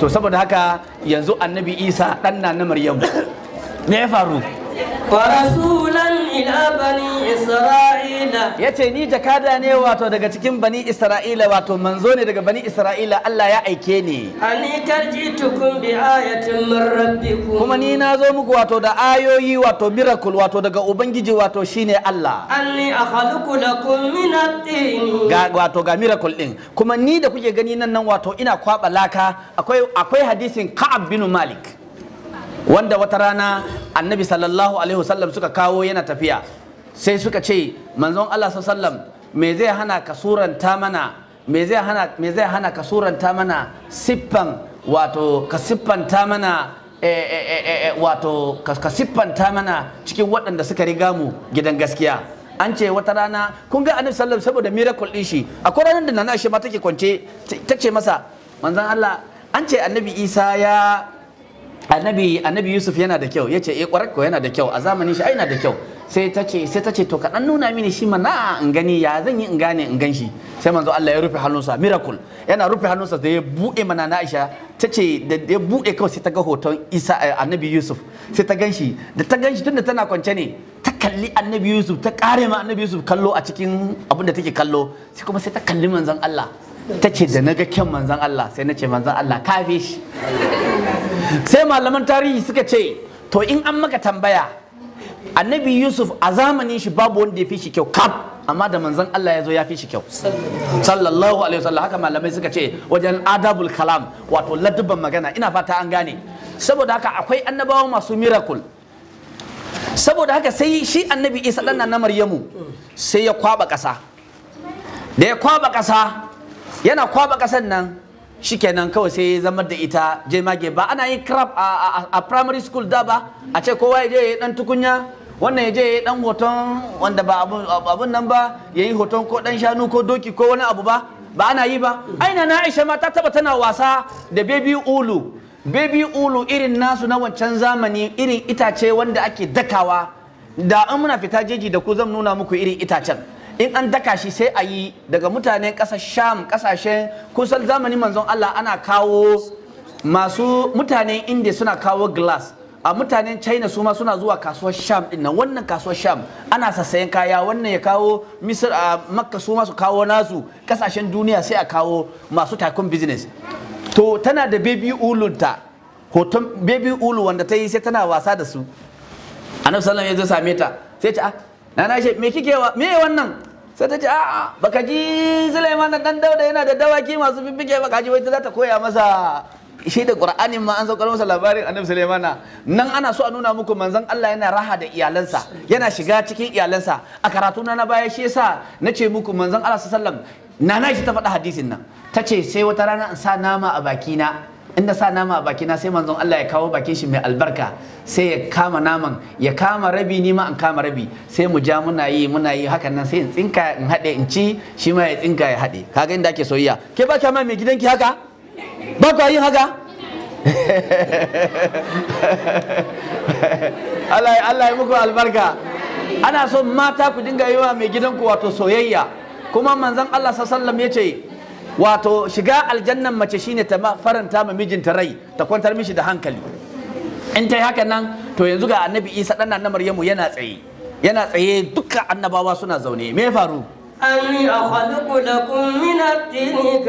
to saboda haka yanzu annabi isa ɗan na na maryamu me ya faru ورسولا ila bani isra'i ya ce ni jakada ne wato daga cikin bani isra'ila wato manzo ne daga bani isra'ila Allah ya aike ni kuma ni na zo muku wato da ayoyi wato miracle wato daga ubangiji wato shine Allah ga wato ga miracle din kuma ni da kuke gani nan nan wato ina kwaba laka akwai akwai hadisin Ka'ab bin Malik wanda wata rana annabi sallallahu alaihi wasallam suka kawo yana tafiya sai suka ce manzon Allah sallam me zai hana ka suranta mana me zai hana me zai hana ka suranta mana siffan wato ka siffanta mana eh, eh, eh, wato ka siffanta mana cikin waɗanda suka riga mu gidan gaskiya an ce wata rana kun ga annabi sallallahu saboda miracle din shi akwai ranar da nana ma take kwance ta ce masa manzon Allah an ce annabi Isa ya annabi annabi Yusuf yana da kyau yace eh kwarar yana da kyau a zamanin shi ai yana da kyau sai ta ce sai ta ce to kaɗan nuna mini shi mana in gani ya zan yi in gane in gan shi sai manzo Allah ya rufe hannunsa miracle yana rufe hannunsa da ya buɗe mana na Aisha ta ce da ya buɗe kawai sai ta ga hoton Isa eh, Annabi Yusuf sai ta gan shi da ta gan shi tunda tana kwance ne ta kalli Annabi Yusuf ta kare ma Annabi Yusuf kallo a cikin abin da take kallo sai kuma sai ta kalli manzon Allah ta ce da na ga kyan manzon Allah sai na ce manzon Allah kafe shi sai malaman tarihi suka ce to in an maka tambaya annabi yusuf a zamanin shi babu wanda ya fi shi kyau kaf amma da manzon Allah ya zo ya fi shi kyau sallallahu alaihi wasallam haka malamai suka ce wajen adabul kalam wato ladabban magana ina fata an gane saboda haka akwai annabawa masu miracle saboda haka sai shi annabi isa dan na maryamu sai ya kwaba kasa da ya kwaba ƙasa yana kwaba ƙasan nan shikenan kawai sai ya zama da ita jemage ba ana yin crab a primary school da ba a ce kowa ya je ya yi dan tukunya wannan ya je ya yi dan hoton wanda ba abun nan ba ya yi hoton ko dan shanu ko doki ko wani abu ba ba ana yi ba aina na aisha ma ta taba tana wasa da baby ulu baby ulu irin nasu na wancan zamani irin itace wanda ake dakawa da an muna fita jeji da ku zan nuna muku irin itacen in an daka shi sai a yi daga mutanen ƙasar sham ƙasashen kusan zamanin manzon Allah ana kawo masu mutanen inda suna kawo glass a mutanen china su ma suna zuwa kasuwar sham din nan wannan kasuwar sham ana sassayen kaya wannan ya kawo misir a makka su ma su kawo nasu kasashen duniya sai a kawo masu takun business to tana da baby ulunta hoton baby ulu wanda ta yi sai tana wasa da su annabi sallallahu alaihi wasallam ya zo same ta sai ta ah, nana she me kike me wannan sai ta ce a'a baka ji Sulaiman dan Dauda yana da dawaki masu bibbike baka ji wai za ta koya masa shi da Qur'anin ma an saukar masa labarin Annabi Sulaiman nan ana so a nuna muku manzon Allah yana raha da iyalansa yana shiga cikin iyalansa a karatu na baya shi yasa nace muku manzon Allah sallallahu alaihi wasallam nana shi ta faɗa hadisin nan tace sai wata rana in sa nama a baki na. in sa nama a bakina sai manzon Allah ya kawo bakin shi mai albarka sai ya kama naman ya kama rabi ni ma an kama rabi sai mu ja muna yi muna yi hakan nan sai in tsinka in haɗe in ci shi ma ya tsinka ya haɗe kaga inda ake soyayya ke ba ma mai gidanki haka ba ku yin haka Allah Allah ya muku albarka ana son mata ku dinga yi wa mai gidanku wato soyayya kuma manzon Allah sallallahu alaihi wasallam ya ce wato shiga aljannan mace shine ta faranta ma mijinta rai ta kwantar mishi da hankali in ta yi haka nan to yanzu ga annabi isa ɗan na maryamu yana tsaye yana tsaye dukkan annabawa suna zaune me faru tini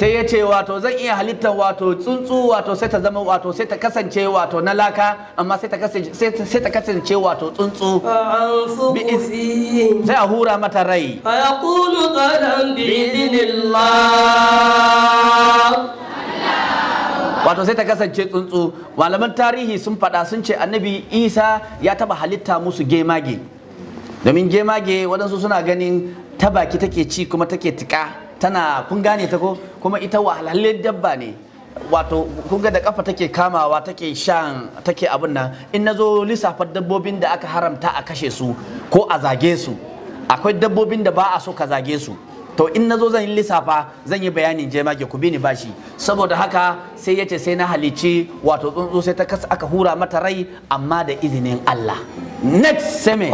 sai ya ce wato zan iya halittar wato tsuntsu wato sai ta zama wato sai ta kasance wato na laka amma sai ta kasance wato tsuntsu sai a hura mata rai wato sai ta kasance tsuntsu malaman tarihi sun faɗa sun ce annabi isa ya taba halitta musu gemage domin gemage waɗansu suna ganin ta baki take ci kuma take tika tana kun gane ta ko kuma ita wahalhallen dabba ne wato kun ga da kafa take kamawa take shan take abin nan in nazo lissafar dabbobin da aka haramta a kashe su ko a zage su akwai dabbobin da ba a so ka zage su to in nazo zan yi lissafa zan yi bayanin jemage ku bi ni bashi saboda haka sai yace sai na halici wato tsuntsu sai ta kasa aka hura mata rai amma da izinin Allah next same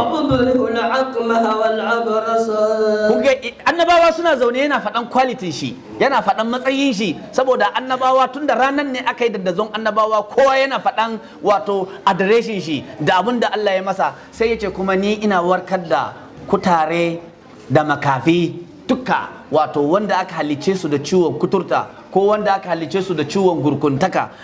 kuga annabawa suna zaune yana faɗan kwalitin shi yana faɗan matsayin shi saboda annabawa tun da ranar ne aka yi daddazon annabawa kowa yana faɗan wato adireshin shi da abin da Allah ya masa sai ya kuma ni ina warkar da kutare da makafi duka wato wanda aka halicce su da ciwon kuturta ko wanda aka halicce su da ciwon gurkuntaka